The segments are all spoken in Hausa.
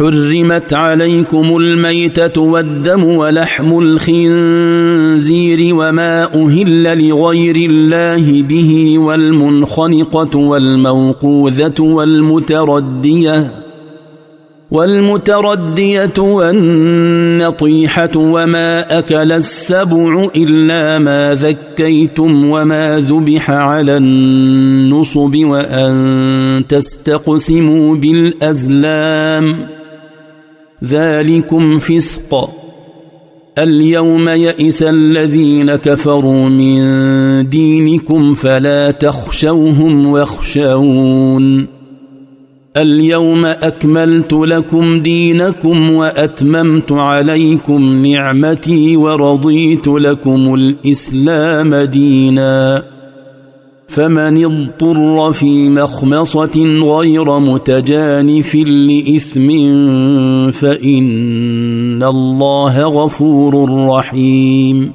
حرمت عليكم الميتة والدم ولحم الخنزير وما أهل لغير الله به والمنخنقة والموقوذة والمتردية والمتردية والنطيحة وما أكل السبع إلا ما ذكيتم وما ذبح على النصب وأن تستقسموا بالأزلام ۖ ذلكم فسق اليوم يئس الذين كفروا من دينكم فلا تخشوهم واخشون اليوم اكملت لكم دينكم واتممت عليكم نعمتي ورضيت لكم الاسلام ديناً فمن اضطر في مخمصه غير متجانف لاثم فان الله غفور رحيم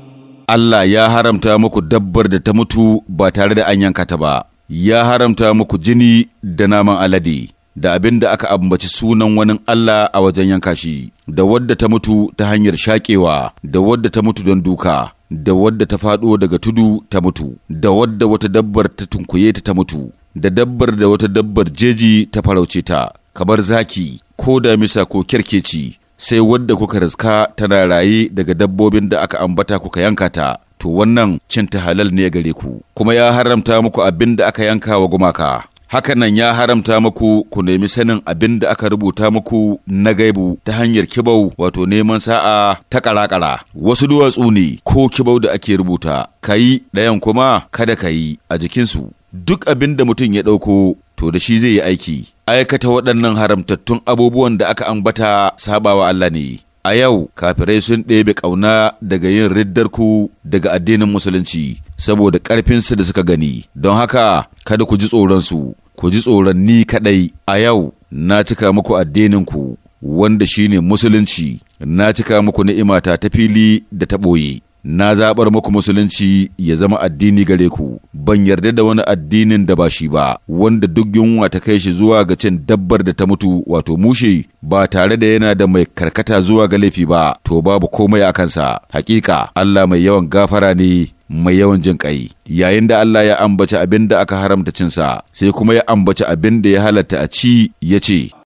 Allah ya haramta muku dabbar da ta mutu ba tare da an yanka ta ba, ya haramta muku jini da naman alade, da abin da aka ambaci sunan wani Allah a wajen yanka shi, da wadda ta mutu ta hanyar shaƙewa, da wadda ta mutu don duka, da wadda ta faɗo daga tudu ta mutu, da wadda wata dabbar ta tunkuye ta mutu, da dabbar da wata dabbar jeji ta farauce ta, kamar zaki, ko damisa ko kyarkeci, sai wadda kuka raska tana raye daga dabbobin da aka ambata kuka yanka ta, to wannan cinta halal ne gare ku, kuma ya haramta muku abin da aka yanka wa gumaka. hakanan ya haramta muku ku nemi sanin abin da aka rubuta muku na gaibu ta hanyar kibau wato neman sa'a ta karakara wasu duwatsu ne ko kibau da ake rubuta kayi ɗayan kuma kada kayi a jikinsu duk abin da mutum ya ɗauko to da shi zai yi aiki aikata waɗannan haramtattun abubuwan da aka ambata sabawa Allah ne a yau kafirai sun ɗebe ƙauna daga yin riddarku daga addinin musulunci saboda ƙarfinsu da suka gani don haka kada ku ji tsoron su. ku ji tsoron ni kaɗai a yau na cika muku addininku wanda shine musulunci na cika muku ni'imata ta fili da ta ɓoye. na zaɓar muku musulunci ya zama addini gare ku ban yarda da wani addinin da ba shi ba wanda duk yunwa ta kai shi zuwa ga cin dabbar da ta mutu wato mushe ba tare da yana da mai karkata zuwa ga laifi ba to babu komai a kansa hakika Allah mai yawan gafara ne mai yawan jin ƙai yayin da Allah ya ambaci abin da aka haramta cinsa sai kuma ya ambaci abin da ya halatta a ci ya ce